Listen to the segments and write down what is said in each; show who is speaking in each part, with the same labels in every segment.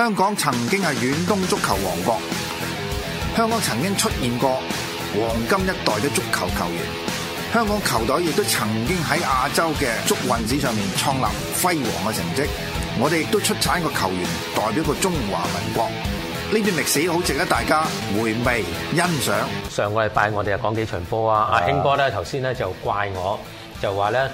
Speaker 1: 香港曾經係遠東足球王國，香港曾經出現過黃金一代嘅足球球員，香港球隊亦都曾經喺亞洲嘅足運史上面創立輝煌嘅成績。我哋亦都出產個球員代表個中華民國，呢段歷史好值得大家回味欣賞。上個禮拜我哋又講幾場波啊，的阿興哥咧頭先咧就怪我，就話咧。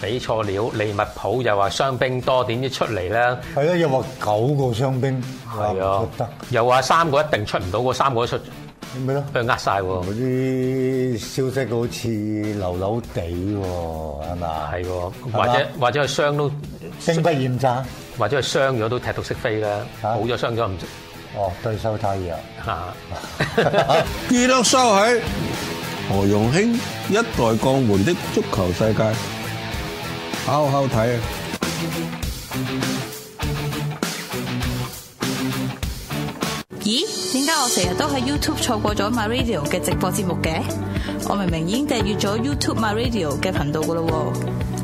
Speaker 1: 俾錯料，利物浦又話傷兵多，點知出嚟咧？係啊，又話九個傷兵，係啊，又話三個一定出唔到，個三個出，咁咪咯，俾人呃晒喎。啲消息好似流流地喎，係嘛？係喎，或者或者係傷都，兵不厭詐，或者係傷咗都踢到識飛啦，冇咗傷咗唔值。哦，對手太弱。嚇，記得收起何容興一代降門的足球世界！好好睇啊！咦？點解我成日都喺 YouTube 錯過咗 MyRadio 嘅直播節目嘅？我明明已經訂閱咗 YouTube MyRadio 嘅頻道㗎喇喎！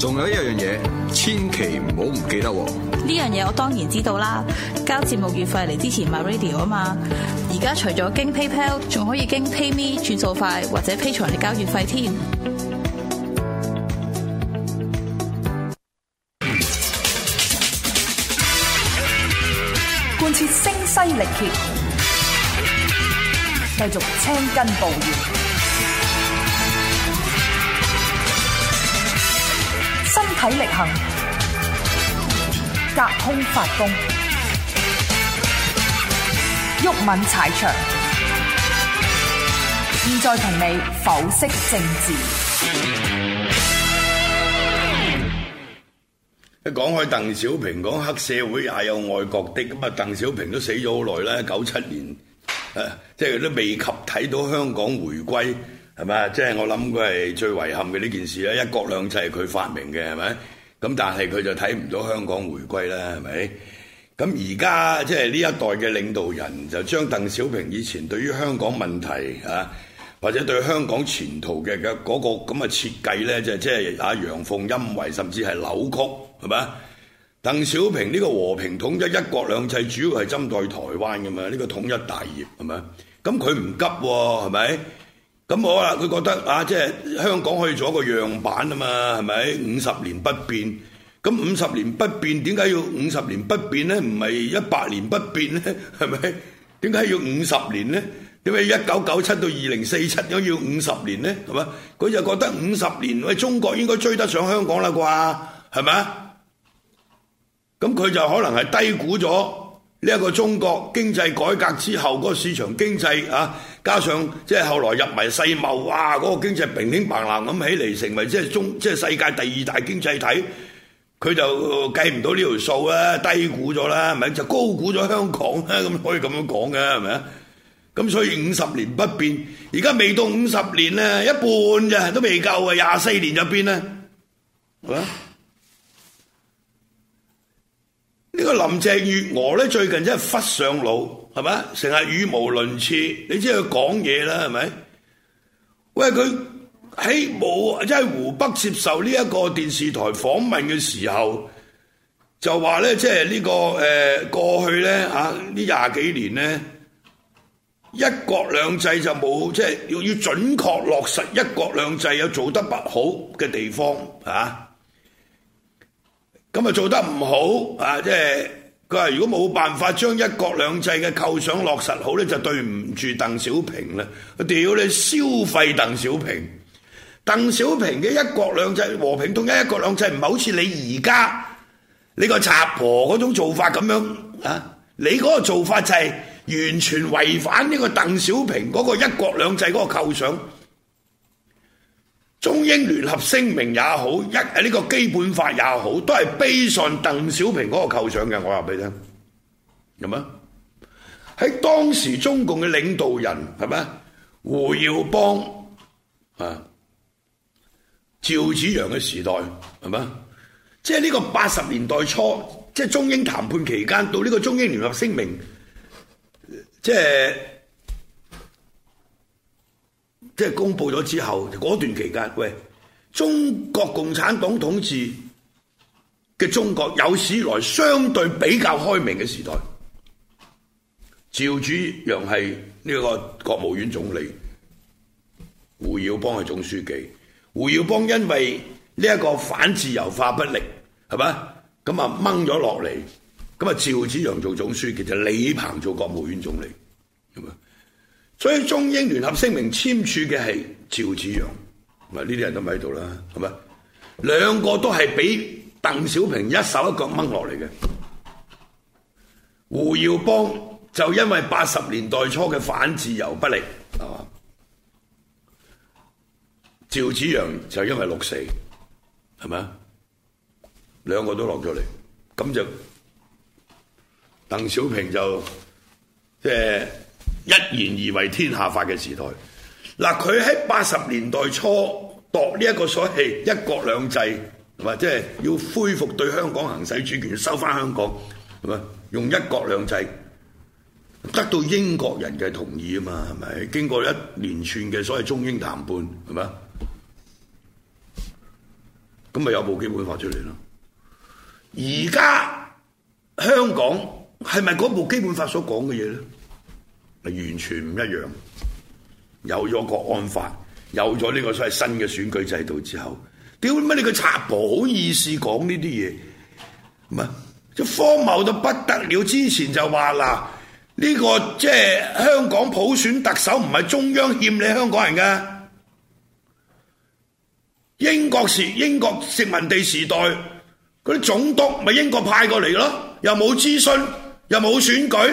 Speaker 1: 仲有一樣嘢，千祈唔好唔記得喎！呢樣嘢我當然知道啦，交節目月費嚟支持 MyRadio 啊嘛。而家除咗經 PayPal，仲可以經 PayMe 轉數快或者 Patreon 嚟交月費添。貫徹聲嘶力竭，繼續青筋暴現。體力行，隔空發功，毓民踩場。現在同你剖析政治。一講開鄧小平，講黑社會也有外國的，咁啊鄧小平都死咗好耐啦，九七年，即係都未及睇到香港回歸。係嘛？即係、就是、我諗佢係最遺憾嘅呢件事咧。一國兩制係佢發明嘅係咪？咁但係佢就睇唔到香港回歸啦，係咪？咁而家即係呢一代嘅領導人就將鄧小平以前對於香港問題啊，或者對香港前途嘅嗰嗰個咁嘅設計咧，即係即係啊，陽奉陰違，甚至係扭曲，係咪？鄧小平呢個和平統一、一國兩制，主要係針對台灣㗎嘛？呢、這個統一大業係咪？咁佢唔急喎、啊，係咪？咁好啦，佢覺得啊，即係香港可以做一個樣板啊嘛，係咪？五十年不變，咁五十年不變，點解要五十年不變咧？唔係一百年不變咧，係咪？點解要五十年咧？點解一九九七到二零四七都要五十年咧？係咪？佢就覺得五十年喂中國應該追得上香港啦啩，係咪？咁佢就可能係低估咗。呢一個中國經濟改革之後，嗰個市場經濟啊，加上即係後來入埋世貿，哇！嗰個經濟平天白藍咁起嚟，成為即係中即係世界第二大經濟體，佢就計唔到呢條數啦，低估咗啦，咪就高估咗香港啦，咁可以咁樣講嘅係咪啊？咁所以五十年不變，而家未到五十年呢，一半咋都未夠啊，廿四年就變呢。啊！呢個林鄭月娥咧最近真係忽上腦，係咪？成日語無倫次，你知佢講嘢啦，係咪？喂，佢喺冇即係湖北接受呢一個電視台訪問嘅時候，就話咧，即係呢個誒過去咧啊呢廿幾年咧，一國兩制就冇，即係要準確落實一國兩制有做得不好嘅地方嚇。啊。咁啊做得唔好啊！即係佢話如果冇辦法將一國兩制嘅構想落實好咧，就對唔住鄧小平啦！屌你，消費鄧小平！鄧小平嘅一國兩制和平統一，一國兩制唔係好似你而家呢個柒婆嗰種做法咁樣啊！你嗰個做法就係完全違反呢個鄧小平嗰個一國兩制嗰個構想。中英聯合聲明也好，一誒呢個基本法也好，都係悲信鄧小平嗰個構想嘅。我話俾你聽，係咪？喺當時中共嘅領導人係咪？胡耀邦啊，趙紫陽嘅時代係咪？即係呢個八十年代初，即係中英談判期間到呢個中英聯合聲明，即係。即係公布咗之後，嗰段期間，喂，中國共產黨統治嘅中國有史以來相對比較開明嘅時代，趙紫陽係呢個國務院總理，胡耀邦係總書記。胡耀邦因為呢一個反自由化不力，係嘛？咁啊掹咗落嚟，咁啊趙紫陽做總書記，就是、李鵬做國務院總理，係咪？所以中英聯合聲明簽署嘅係趙紫陽，這些呢啲人都唔喺度啦，係咪？兩個都係俾鄧小平一手一腳掹落嚟嘅。胡耀邦就因為八十年代初嘅反自由不力，係嘛？趙紫陽就因為六四，係咪？兩個都落咗嚟，咁就鄧小平就、就是一言而為天下法嘅時代，嗱佢喺八十年代初度呢一個所謂一國兩制，同埋即係要恢復對香港行使主權，收翻香港，係咪用一國兩制得到英國人嘅同意啊？嘛係咪經過一連串嘅所謂中英談判，係咪咁咪有部基本法出嚟咯？而家香港係咪嗰部基本法所講嘅嘢咧？完全唔一樣，有咗國安法，有咗呢個所謂新嘅選舉制度之後，屌乜你個賊婆，好意思講呢啲嘢？唔係，即荒謬到不得了。之前就話啦，呢、這個即係、就是、香港普選特首唔係中央欠你香港人嘅。英國時英國殖民地時代，嗰啲總督咪英國派過嚟咯，又冇諮詢，又冇選舉。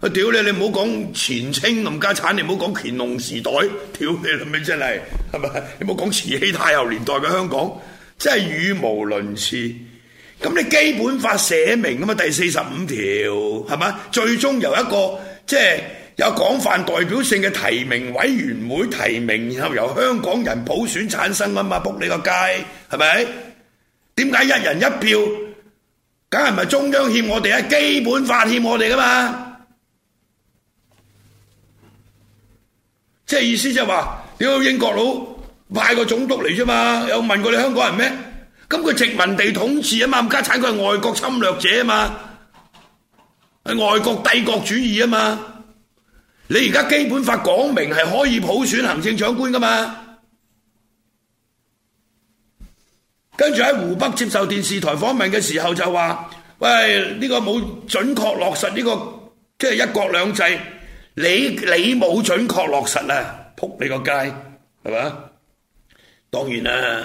Speaker 1: 啊！屌你！你唔好講前清冚家產，你唔好講乾隆時代，屌你！咁樣真係係咪？你唔好講慈禧太后年代嘅香港，真係語無倫次。咁你基本法寫明噶嘛？第四十五條係嘛？最終由一個即係有廣泛代表性嘅提名委員會提名，然後由香港人普選產生啊嘛？仆你個街係咪？點解一人一票？梗係唔係中央欠我哋啊？基本法欠我哋噶嘛？即係意思即係話，屌英國佬派個總督嚟啫嘛，有問過你香港人咩？咁佢殖民地統治啊嘛，冚家鏟佢係外國侵略者啊嘛，係外國帝國主義啊嘛。你而家基本法講明係可以普選行政長官噶嘛？跟住喺湖北接受電視台訪問嘅時候就話：喂，呢個冇準確落實，呢個即係一國兩制。你你冇準確落實啊！仆你個街係嘛？當然啦，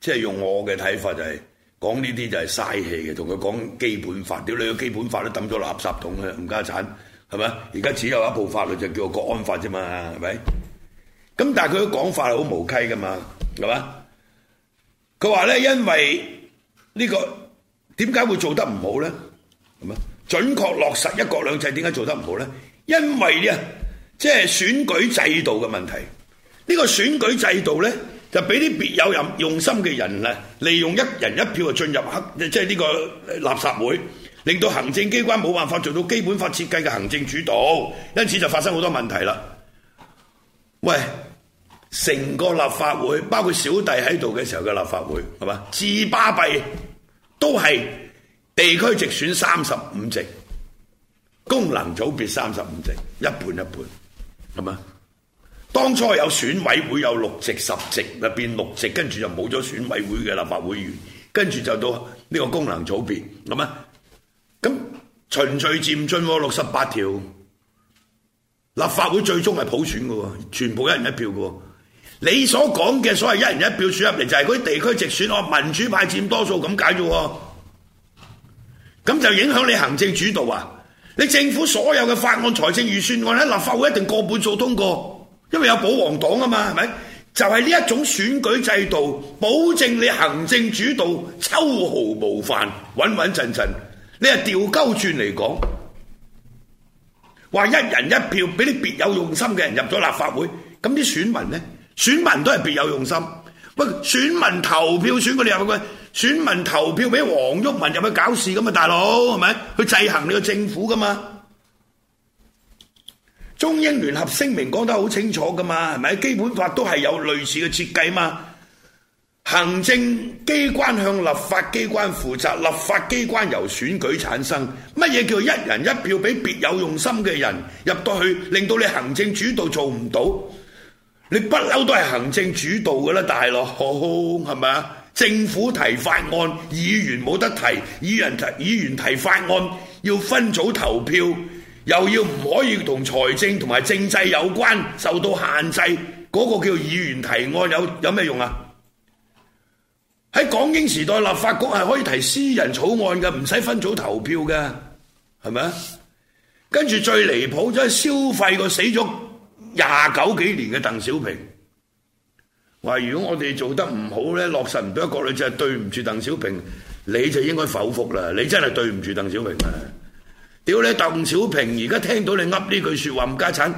Speaker 1: 即係用我嘅睇法就係、是、講呢啲就係嘥氣嘅。同佢講基本法，屌你個基本法都抌咗垃圾桶去，冚家鏟係咪？而家只有一部法律就叫《國安法》啫嘛，係咪？咁但係佢嘅講法係好無稽㗎嘛，係嘛？佢話咧，因為呢、這個點解會做得唔好咧？咁啊，準確落實一國兩制點解做得唔好咧？因為咧，即係選舉制度嘅問題，呢個選舉制度咧就俾啲別有任用心嘅人咧，利用一人一票啊進入黑，即係呢個垃圾會，令到行政機關冇辦法做到基本法設計嘅行政主導，因此就發生好多問題啦。喂，成個立法會，包括小弟喺度嘅時候嘅立法會，係嘛？至巴閉都係地區直選三十五席。功能組別三十五席，一半一半，係嘛？當初有選委會有六席、十席，入邊六席，跟住就冇咗選委會嘅立法會議員，跟住就到呢個功能組別，咁啊？咁循序漸進喎，六十八條立法會最終係普選噶，全部一人一票噶。你所講嘅所謂一人一票選入嚟，就係嗰啲地區直選哦，我民主派佔多數咁解啫。咁就影響你行政主導啊？你政府所有嘅法案、財政預算案呢，立法會一定過半數通過，因為有保皇黨啊嘛，係咪？就係呢一種選舉制度，保證你行政主導秋毫無犯，穩穩陣陣。你係掉鳩轉嚟講，話一人一票俾啲別有用心嘅人入咗立法會，咁啲選民呢？選民都係別有用心。喂，選民投票選個兩位。選民投票畀黃毓民入去搞事咁啊，大佬，係咪？去制衡你個政府噶嘛。中英聯合聲明講得好清楚噶嘛。係咪？基本法都係有類似嘅設計嘛。行政機關向立法機關負責，立法機關由選舉產生。乜嘢叫一人一票俾別有用心嘅人入到去，令到你行政主導做唔到？你不嬲都係行政主導噶啦，大佬，好係咪啊？政府提法案，議員冇得提；議員提議員提法案，要分組投票，又要唔可以同財政同埋政制有關，受到限制。嗰個叫議員提案有，有有咩用啊？喺港英時代，立法局係可以提私人草案嘅，唔使分組投票嘅，係咪？跟住最離譜，就係消費個死咗廿九幾年嘅鄧小平。話如果我哋做得唔好咧，落實唔到，一國兩制就係對唔住鄧小平，你就應該否決啦！你真係對唔住鄧小平啊！屌你，鄧小平而家聽到你噏呢句說話，冚家鏟，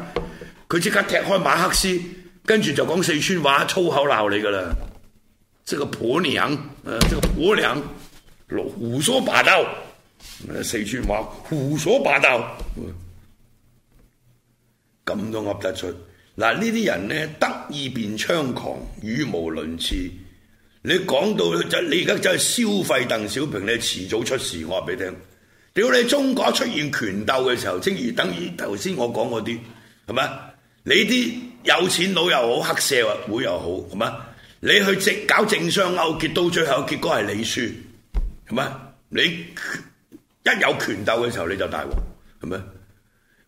Speaker 1: 佢即刻踢開馬克思，跟住就講四川話粗口鬧你㗎喇！即個婆娘，誒，即個婆娘，胡說八道，四川話，胡說八道，咁都噏得出！嗱，呢啲人咧，得意便猖狂，語無倫次。你講到你就你而家走去消費鄧小平咧，你遲早出事。我話俾你聽，屌你！你中國出現拳鬥嘅時候，正如等於頭先我講嗰啲，係咪？你啲有錢佬又好，黑社會又好，係咪？你去直搞政商勾結，到最後結果係你輸，係咪？你一有拳鬥嘅時候你就大鑊，係咪？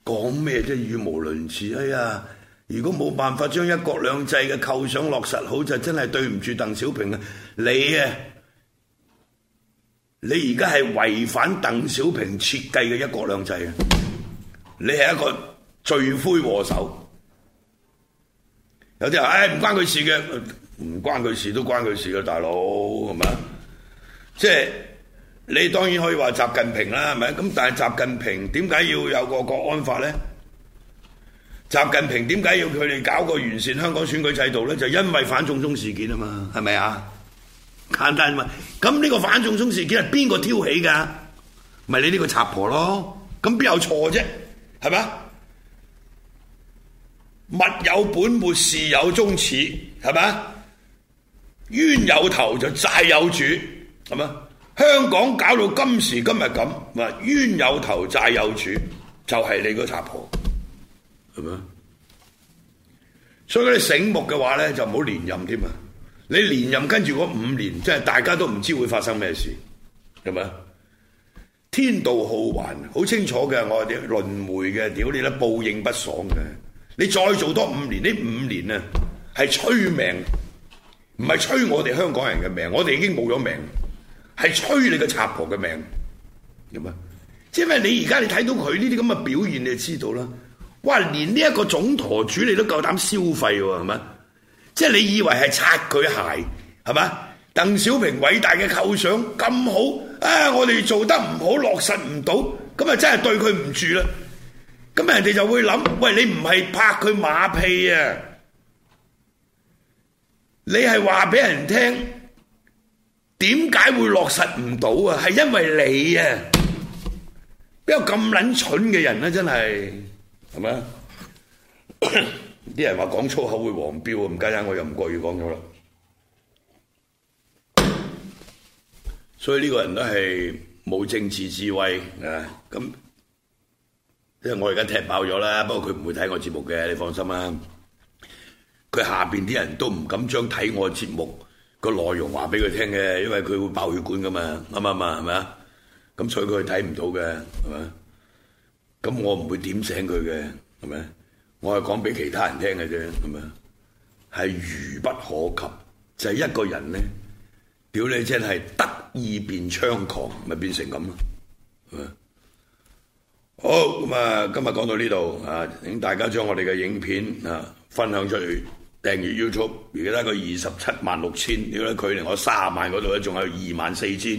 Speaker 1: 講咩啫？語無倫次，哎呀！如果冇辦法將一國兩制嘅構想落實好，就真係對唔住鄧小平啊！你啊，你而家係違反鄧小平設計嘅一國兩制啊！你係一個罪魁禍首。有啲人唉，唔關佢事嘅，唔關佢事都關佢事嘅大佬，係咪？即係你當然可以話習近平啦，係咪？咁但係習近平點解要有個國安法咧？習近平點解要佢哋搞個完善香港選舉制度呢？就因為反送中事件啊嘛，係咪啊？簡單嘛。咁呢個反送中事件係邊個挑起噶？咪、就是、你呢個柒婆咯。咁邊有錯啫？係咪？物有本末，事有終始，係咪？冤有頭就債有主，係咪？香港搞到今時今日咁，咪冤有頭債有主，就係、是、你個柒婆。係咪？所以你醒目嘅話咧，就唔好連任添啊！你連任跟住嗰五年，即係大家都唔知會發生咩事，係咪？天道好還，好清楚嘅。我哋輪迴嘅，屌你啦，報應不爽嘅。你再做多五年，呢五年啊，係催命，唔係催我哋香港人嘅命，我哋已經冇咗命，係催你個柒婆嘅命。即係？因為你而家你睇到佢呢啲咁嘅表現，你就知道啦。哇！連呢一個總舵主你都夠膽消費喎，係咪？即係你以為係擦佢鞋，係咪啊？鄧小平偉大嘅構想咁好啊，我哋做得唔好落實唔到，咁啊真係對佢唔住啦。咁人哋就會諗：喂，你唔係拍佢馬屁啊，你係話俾人聽點解會落實唔到啊？係因為你啊，邊有咁撚蠢嘅人咧？真係！咁啊！啲 人說話講粗口會黃標啊，唔介意我又唔過語講咗啦。所以呢個人都係冇政治智慧啊！咁即係我而家踢爆咗啦，不過佢唔會睇我節目嘅，你放心啦。佢下邊啲人都唔敢將睇我節目個內容話俾佢聽嘅，因為佢會爆血管噶嘛，啱唔啱？係咪啊？咁所以佢係睇唔到嘅，係咪？咁我唔會點醒佢嘅，係咪？我係講俾其他人聽嘅啫，咁樣係愚不可及，就係、是、一個人咧，屌你真係得意便猖狂，咪變成咁咯，係好咁啊，今日講到呢度啊，請大家將我哋嘅影片啊分享出去，訂閱 YouTube，而家得個二十七萬六千，屌佢離我卅萬嗰度咧，仲有二萬四千，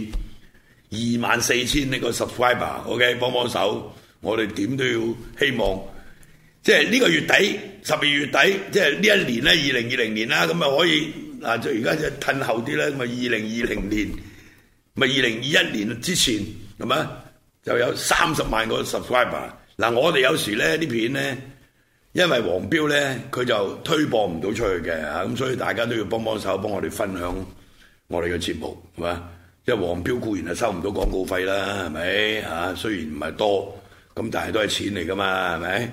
Speaker 1: 二萬四千呢個 subscriber，OK，幫幫手。我哋點都要希望，即係呢個月底十二月底，即係呢一年咧，二零二零年啦，咁啊可以嗱，就而家就褪後啲啦。咁啊二零二零年，咪二零二一年之前係咪？就有三十萬個 subscriber。嗱、啊，我哋有時咧啲片咧，因為黃標咧佢就推播唔到出去嘅，咁所以大家都要幫幫手，幫我哋分享我哋嘅節目係咪？即係黃標固然係收唔到廣告費啦，係咪嚇？雖然唔係多。咁但係都係錢嚟噶嘛，係咪？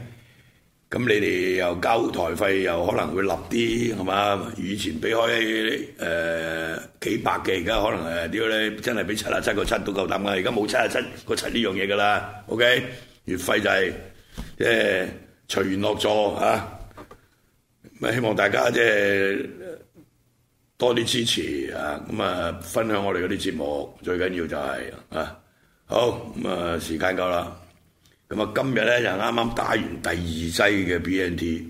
Speaker 1: 咁你哋又交台費，又可能會立啲係嘛？以前俾開、呃、幾百嘅，而家可能誒點呢，真係俾七啊七個七都夠膽㗎。而家冇七啊七個七呢樣嘢㗎啦。OK，月費就係即係隨緣落座嚇。咁、啊、希望大家即係、即係、多啲支持啊！咁啊，分享我哋嗰啲節目，最緊要就係啊好咁啊，好時間夠啦。今日呢，就啱啱打完第二劑嘅 BNT，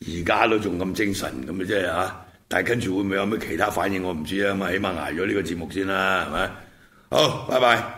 Speaker 1: 而家都仲咁精神，咁啊即係嚇，但係跟住會唔會有咩其他反應我唔知啊，咁起碼捱咗呢個節目先啦，係嘛？好，拜拜。